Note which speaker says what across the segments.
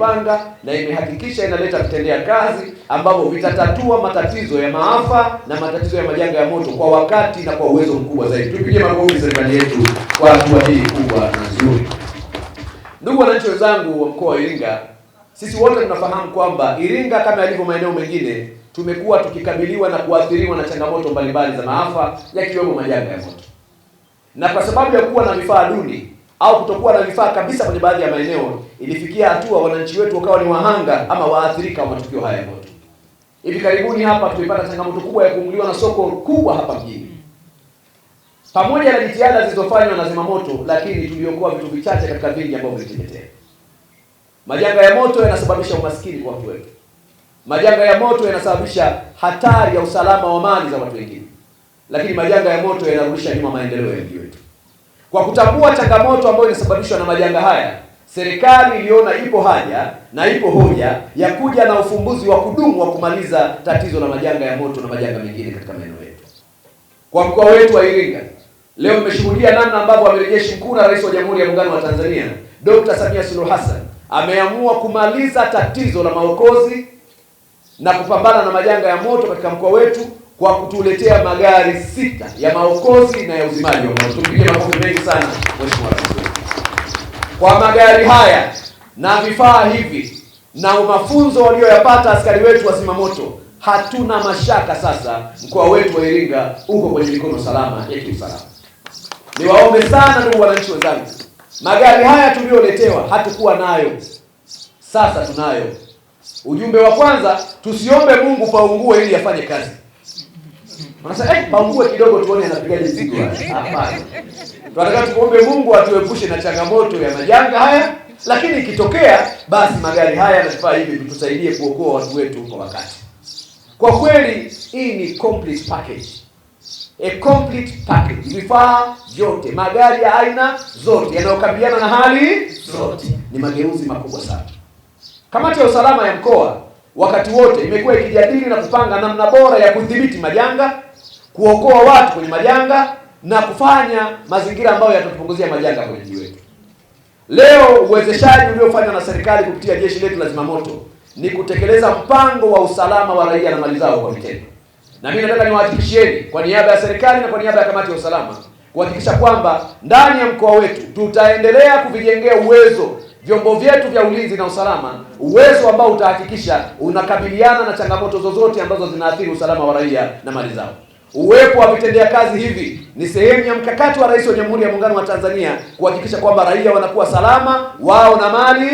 Speaker 1: panga na imehakikisha inaleta vitendea kazi ambavyo vitatatua matatizo ya maafa na matatizo ya majanga ya moto kwa wakati na kwa uwezo mkubwa zaidi. Tupige makofi serikali yetu kwa hatua hii kubwa na nzuri. Ndugu wananchi wenzangu wa mkoa wa Iringa, sisi wote tunafahamu kwamba Iringa kama yalivyo maeneo mengine tumekuwa tukikabiliwa na kuathiriwa na changamoto mbalimbali za maafa yakiwemo majanga ya moto, na kwa sababu ya kuwa na vifaa duni au kutokuwa na vifaa kabisa kwenye baadhi ya maeneo, ilifikia hatua wananchi wetu wakawa ni wahanga ama waathirika wa matukio haya yote. Hivi karibuni hapa tulipata changamoto kubwa ya kuunguliwa na soko kubwa hapa mjini. Pamoja na jitihada zilizofanywa na zimamoto, lakini tuliokoa vitu vichache katika vingi ambavyo viliteketea. Majanga ya moto yanasababisha umaskini kwa watu wetu. Majanga ya moto yanasababisha hatari ya usalama wa mali za watu wengine, lakini majanga ya moto yanarudisha nyuma maendeleo ya nchi wetu. Kwa kutambua changamoto ambayo inasababishwa na majanga haya, serikali iliona ipo haja na ipo hoja ya kuja na ufumbuzi wa kudumu wa kumaliza tatizo la majanga ya moto na majanga mengine katika maeneo yetu. Kwa mkoa wetu wa Iringa leo mmeshuhudia namna ambavyo amerejeshi mkuu na rais wa Jamhuri ya Muungano wa Tanzania Dr. Samia Suluhu Hassan ameamua kumaliza tatizo la maokozi na kupambana na majanga ya moto katika mkoa wetu kwa kutuletea magari sita ya maokozi na ya uzimaji wa moto. Tupige makofi mengi sana Mheshimiwa Rais kwa magari haya na vifaa hivi na mafunzo walioyapata askari wetu wa zimamoto. Hatuna mashaka sasa, mkoa wetu wa Iringa uko kwenye mikono salama ya kiusalama. Niwaombe sana ndugu wananchi wenzangu, magari haya tuliyoletewa hatukuwa nayo, sasa tunayo. Ujumbe wa kwanza, tusiombe Mungu paungue ili afanye kazi. Unasema eh, pangue kidogo tuone anapigaje siku. Hapana. Tunataka tuombe Mungu atuepushe na changamoto ya majanga haya, lakini ikitokea basi magari haya na vifaa hivi vitusaidie kuokoa watu wetu kwa wakati. Kwa kweli hii ni complete package. A complete package. Vifaa vyote, magari ya aina zote yanayokabiliana na hali zote. Ni mageuzi makubwa sana. Kamati ya usalama ya mkoa wakati wote imekuwa ikijadili na kupanga namna bora ya kudhibiti majanga kuokoa watu kwenye majanga na kufanya mazingira ambayo yatatupunguzia majanga kwenye mji wetu. Leo uwezeshaji uliofanywa na serikali kupitia jeshi letu la zimamoto ni kutekeleza mpango wa usalama wa raia na mali zao kwa vitendo, na mimi nataka niwahakikishieni kwa niaba ya serikali na kwa niaba ya kamati ya usalama kuhakikisha kwamba ndani ya mkoa wetu tutaendelea kuvijengea uwezo vyombo vyetu vya ulinzi na usalama, uwezo ambao utahakikisha unakabiliana na changamoto zozote ambazo zinaathiri usalama wa raia na mali zao. Uwepo wa vitendea kazi hivi ni sehemu ya mkakati wa Rais wa Jamhuri ya Muungano wa Tanzania kuhakikisha kwamba raia wanakuwa salama wao na mali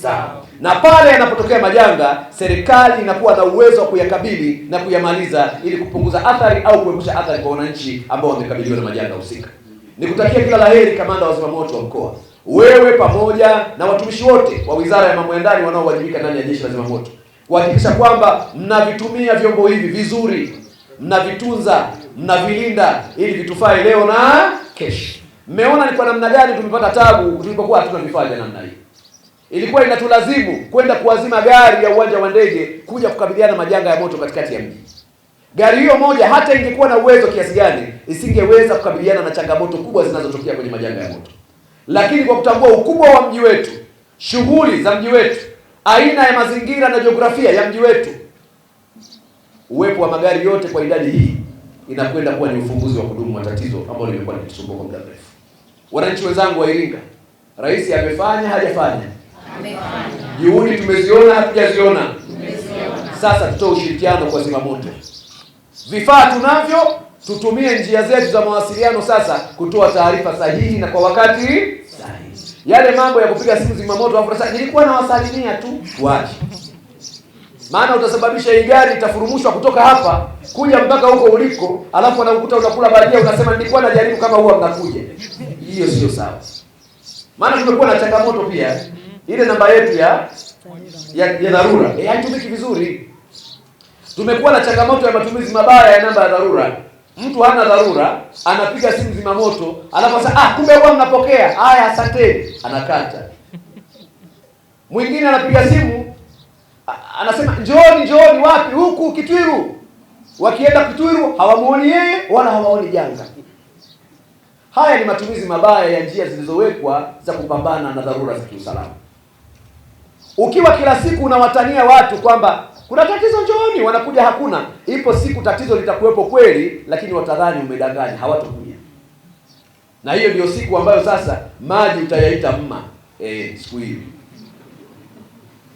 Speaker 1: zao, na pale yanapotokea majanga, serikali inakuwa na uwezo wa kuyakabili na kuyamaliza ili kupunguza athari au kuepusha athari kwa wananchi ambao wamekabiliwa na majanga husika. Nikutakia kila laheri, kamanda wa zimamoto wa mkoa, wewe pamoja na watumishi wote wa Wizara ya Mambo ya Ndani wanaowajibika ndani ya Jeshi la Zimamoto kuhakikisha kwamba mnavitumia vyombo hivi vizuri mnavitunza, mnavilinda ili vitufae leo na kesho. Mmeona ni kwa namna gani tumepata tabu tulipokuwa hatuna vifaa vya namna hii. Ilikuwa inatulazimu kwenda kuwazima gari ya uwanja wa ndege kuja kukabiliana majanga ya moto katikati ya mji. Gari hiyo moja hata ingekuwa na uwezo kiasi gani, isingeweza kukabiliana na changamoto kubwa zinazotokea kwenye majanga ya moto. Lakini kwa kutambua ukubwa wa mji wetu, shughuli za mji wetu, aina ya mazingira na jiografia ya mji wetu uwepo wa magari yote kwa idadi hii inakwenda kuwa ni ufumbuzi wa kudumu wa tatizo ambalo limekuwa likitusumbua kwa muda mrefu. Wananchi wenzangu wa Iringa, rais amefanya hajafanya?
Speaker 2: Amefanya.
Speaker 1: Juhudi tumeziona hatujaziona?
Speaker 2: Tumeziona.
Speaker 1: Sasa tutoe ushirikiano kwa zimamoto. Vifaa tunavyo, tutumie njia zetu za mawasiliano sasa kutoa taarifa sahihi na kwa wakati
Speaker 2: sahihi.
Speaker 1: Yale mambo ya kupiga simu zimamoto, afu sasa nilikuwa nawasalimia tu, tuache maana utasababisha hii gari itafurumushwa kutoka hapa kuja mpaka huko uliko, alafu anakukuta unakula bajia, unasema nilikuwa najaribu kama huwa mnakuja. Hiyo sio sawa, maana tumekuwa na changamoto pia. Eh? Ile namba yetu ya ya dharura e, haitumiki vizuri. Tumekuwa na changamoto ya matumizi mabaya ya namba ya dharura. Mtu hana dharura, anapiga simu zimamoto, alafu sasa ah, kumbe huwa mnapokea. Haya, asante, anakata. Mwingine anapiga simu anasema njooni, njooni. Wapi? Huku Kitwiru. Wakienda Kitwiru hawamuoni yeye wala hawaoni janga. Haya ni matumizi mabaya ya njia zilizowekwa za kupambana na dharura za kiusalama. Ukiwa kila siku unawatania watu kwamba kuna tatizo, njooni, wanakuja hakuna. Ipo siku tatizo litakuwepo kweli, lakini watadhani umedanganya, hawatokuja. Na hiyo ndio siku ambayo sasa maji utayaita mma. E, siku hiyo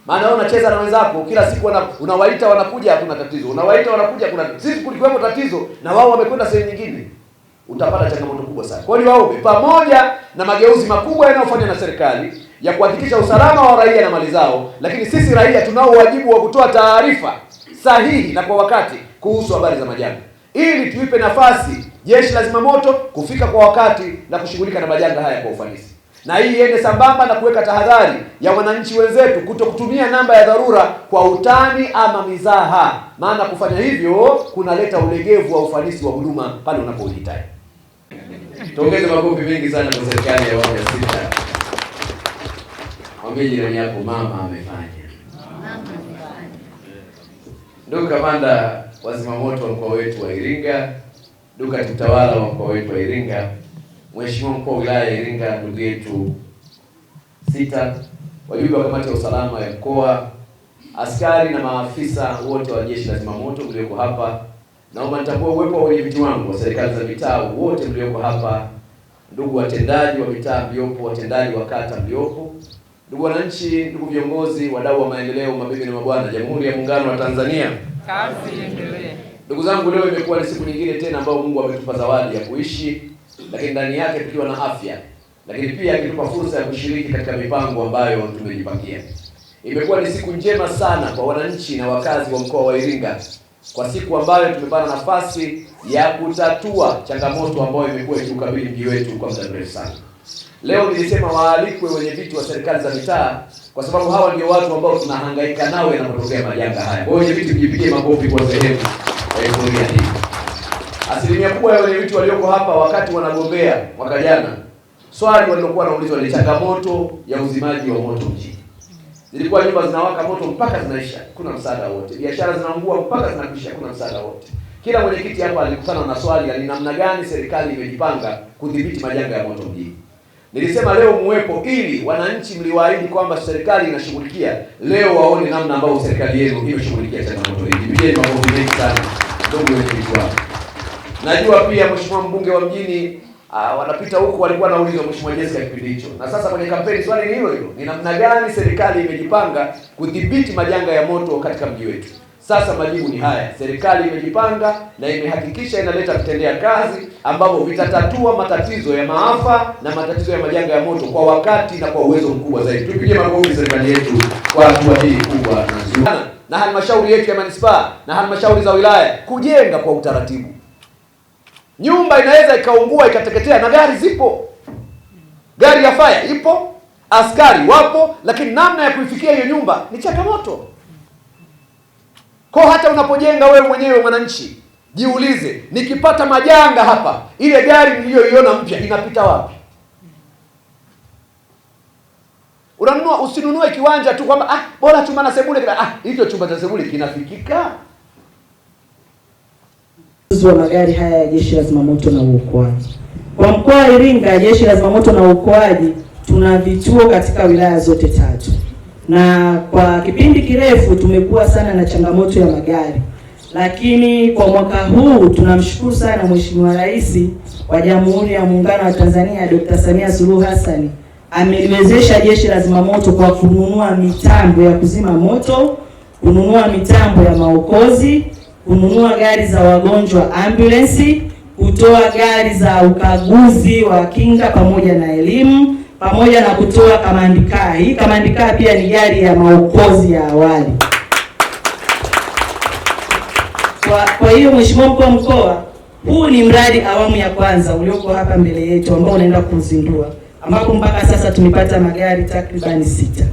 Speaker 1: maana wewe unacheza na wenzako kila siku wana, unawaita wanakuja, hakuna tatizo, unawaita wanakuja, kuna sisi kulikuwepo tatizo na wao wamekwenda sehemu nyingine, utapata changamoto kubwa sana. Kwa hiyo waombe, pamoja na mageuzi makubwa yanayofanywa na serikali ya kuhakikisha usalama wa raia na mali zao, lakini sisi raia tunao wajibu wa kutoa taarifa sahihi na kwa wakati kuhusu habari za majanga, ili tuipe nafasi jeshi la zimamoto kufika kwa wakati na kushughulika na majanga haya kwa ufanisi na hii iende sambamba na kuweka tahadhari ya wananchi wenzetu kuto kutumia namba ya dharura kwa utani ama mizaha, maana kufanya hivyo kunaleta ulegevu wa ufanisi wa huduma pale unapohitaji. Tuongeze makofi mengi sana kwa serikali ya awamu ya sita. Mwambie jirani yako mama amefanya. Ndugu kamanda wa zimamoto wa mkoa wetu wa Iringa, ndugu katibu tawala wa mkoa wetu wa Iringa Mheshimiwa mkuu wa wilaya ya Iringa, ndugu yetu sita, wajumbe wa kamati ya usalama ya mkoa, askari na maafisa wote wa jeshi la zimamoto mlioko hapa, naomba nitambue uwepo wa wenyeviti wangu wa serikali za mitaa wote mlioko hapa, ndugu watendaji wa mitaa mliopo, watendaji wa kata mliopo, ndugu wananchi, ndugu viongozi, wadau wa maendeleo, mabibi na mabwana, Jamhuri ya Muungano wa Tanzania,
Speaker 2: kazi iendelee.
Speaker 1: Ndugu zangu, leo imekuwa ni siku nyingine tena ambayo Mungu ametupa zawadi ya kuishi lakini ndani yake tukiwa na afya, lakini pia akitupa fursa ya kushiriki katika mipango ambayo tumejipangia. Imekuwa ni siku njema sana kwa wananchi na wakazi wa mkoa wa Iringa kwa siku ambayo tumepata nafasi ya kutatua changamoto ambayo imekuwa ikiukabili mji wetu kwa muda mrefu sana. Leo nilisema waalikwe wenye viti wa serikali za mitaa, kwa sababu hawa ndio watu ambao tunahangaika nao yanapotokea majanga haya. Wenye viti mjipigie makofi kwa sehemu ya eh, historia hii. Asilimia kubwa ya wenyeviti walioko hapa wakati wanagombea mwaka jana, swali walilokuwa wanaulizwa ni changamoto ya uzimaji wa moto mjini. Zilikuwa nyumba zinawaka moto mpaka zinaisha, kuna msaada wote, biashara zinaungua mpaka zinakwisha, kuna msaada wote. Kila mwenyekiti hapa alikutana na swali ni namna gani serikali imejipanga kudhibiti majanga ya moto mjini. Nilisema leo muwepo, ili wananchi mliwaahidi kwamba serikali inashughulikia, leo waone namna ambayo serikali yenu imeshughulikia changamoto hii. Jipigeni makofi mengi sana ndugu wenyeviti wao. Najua pia mheshimiwa mbunge wa mjini uh, wanapita huko walikuwa wanaulizwa mheshimiwa Jesse kipindi hicho, na sasa kwenye kampeni swali ni hilo hilo, ni namna gani serikali imejipanga kudhibiti majanga ya moto katika mji wetu. Sasa majibu ni haya, serikali imejipanga na imehakikisha inaleta vitendea kazi ambavyo vitatatua matatizo ya maafa na matatizo ya majanga ya moto kwa wakati na kwa uwezo mkubwa zaidi. Tupige makofi serikali yetu kwa hatua hii kubwa na halmashauri yetu ya manispaa na halmashauri za wilaya kujenga kwa utaratibu nyumba inaweza ikaungua ikateketea, na gari zipo, gari ya faya ipo, askari wapo, lakini namna ya kuifikia hiyo nyumba ni changamoto. Kwa hata unapojenga wewe mwenyewe mwananchi, jiulize, nikipata majanga hapa, ile gari niliyoiona mpya inapita wapi? Unanunua, usinunue kiwanja tu kwamba ah, bora chumba na sebule. Ah, hicho chumba cha sebule kinafikika?
Speaker 3: ukaguzi wa magari haya ya Jeshi la Zimamoto na Uokoaji. Kwa mkoa wa Iringa Jeshi la Zimamoto na Uokoaji tuna vituo katika wilaya zote tatu, na kwa kipindi kirefu tumekuwa sana na changamoto ya magari, lakini kwa mwaka huu tunamshukuru sana Mheshimiwa Rais wa Jamhuri ya Muungano wa Tanzania Dr. Samia Suluhu Hassan ameliwezesha Jeshi la Zimamoto kwa kununua mitambo ya kuzima moto, kununua mitambo ya maokozi kununua gari za wagonjwa ambulensi, kutoa gari za ukaguzi wa kinga pamoja na elimu, pamoja na kutoa kamandikaa. Hii kamandikaa pia ni gari ya maokozi ya awali. Kwa, kwa hiyo Mheshimiwa Mkuu wa Mkoa, huu ni mradi awamu ya kwanza ulioko hapa mbele yetu ambao unaenda kuzindua, ambapo mpaka sasa tumepata magari takribani sita,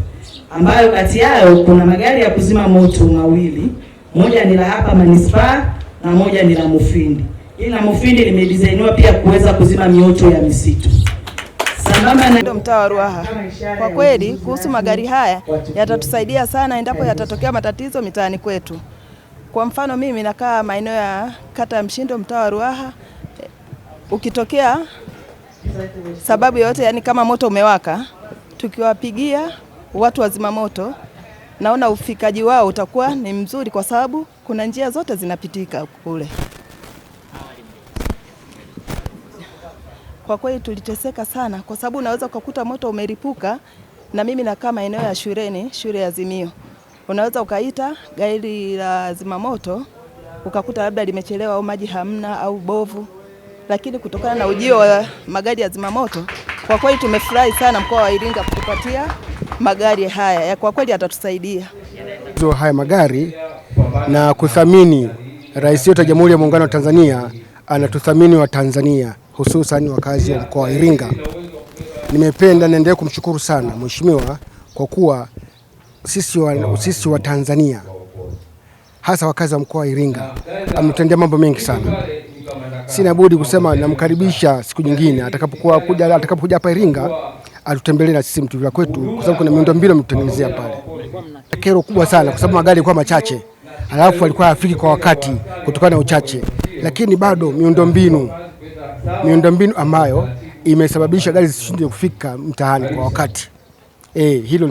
Speaker 3: ambayo kati yao kuna magari ya kuzima moto mawili moja ni la hapa manispaa na moja ni la Mufindi. Hili la Mufindi limedizainiwa pia kuweza kuzima mioto ya misitu sambamba mtaa wa Ruaha. Kwa kweli kuhusu magari haya yatatusaidia sana endapo yatatokea matatizo mitaani kwetu. Kwa mfano mimi nakaa maeneo ya kata ya Mshindo, mtaa wa Ruaha. Ukitokea sababu yoyote, yani kama moto umewaka, tukiwapigia watu wazima moto naona ufikaji wao utakuwa ni mzuri, kwa sababu kuna njia zote zinapitika kule. Kwa kweli tuliteseka sana, kwa sababu unaweza ukakuta moto umeripuka na mimi nakaa maeneo ya shuleni, shule ya Azimio, unaweza ukaita gari la zimamoto ukakuta labda limechelewa au maji hamna au bovu, lakini kutokana na ujio wa magari ya zimamoto, kwa kweli tumefurahi sana mkoa wa Iringa kutupatia magari haya ya kwa kweli yatatusaidia
Speaker 4: haya magari na kuthamini. Rais wetu wa Jamhuri ya Muungano wa Tanzania anatuthamini wa Tanzania, hususan wakazi wa mkoa wa Iringa. Nimependa naendelea kumshukuru sana mheshimiwa kwa kuwa sisi wa, sisi wa Tanzania hasa wakazi wa mkoa wa Iringa ametendea mambo mengi sana. Sina budi kusema namkaribisha siku nyingine atakapokuwa kuja atakapokuja hapa Iringa atutembelee na sisi Mtuvila kwetu, kwa sababu kuna miundombinu ametutengenezea pale. Kero kubwa sana, kwa sababu magari yalikuwa machache, alafu alikuwa afiki kwa wakati kutokana na uchache, lakini bado miundombinu miundombinu ambayo imesababisha gari zisishinde kufika mtaani kwa wakati. Eh, hilo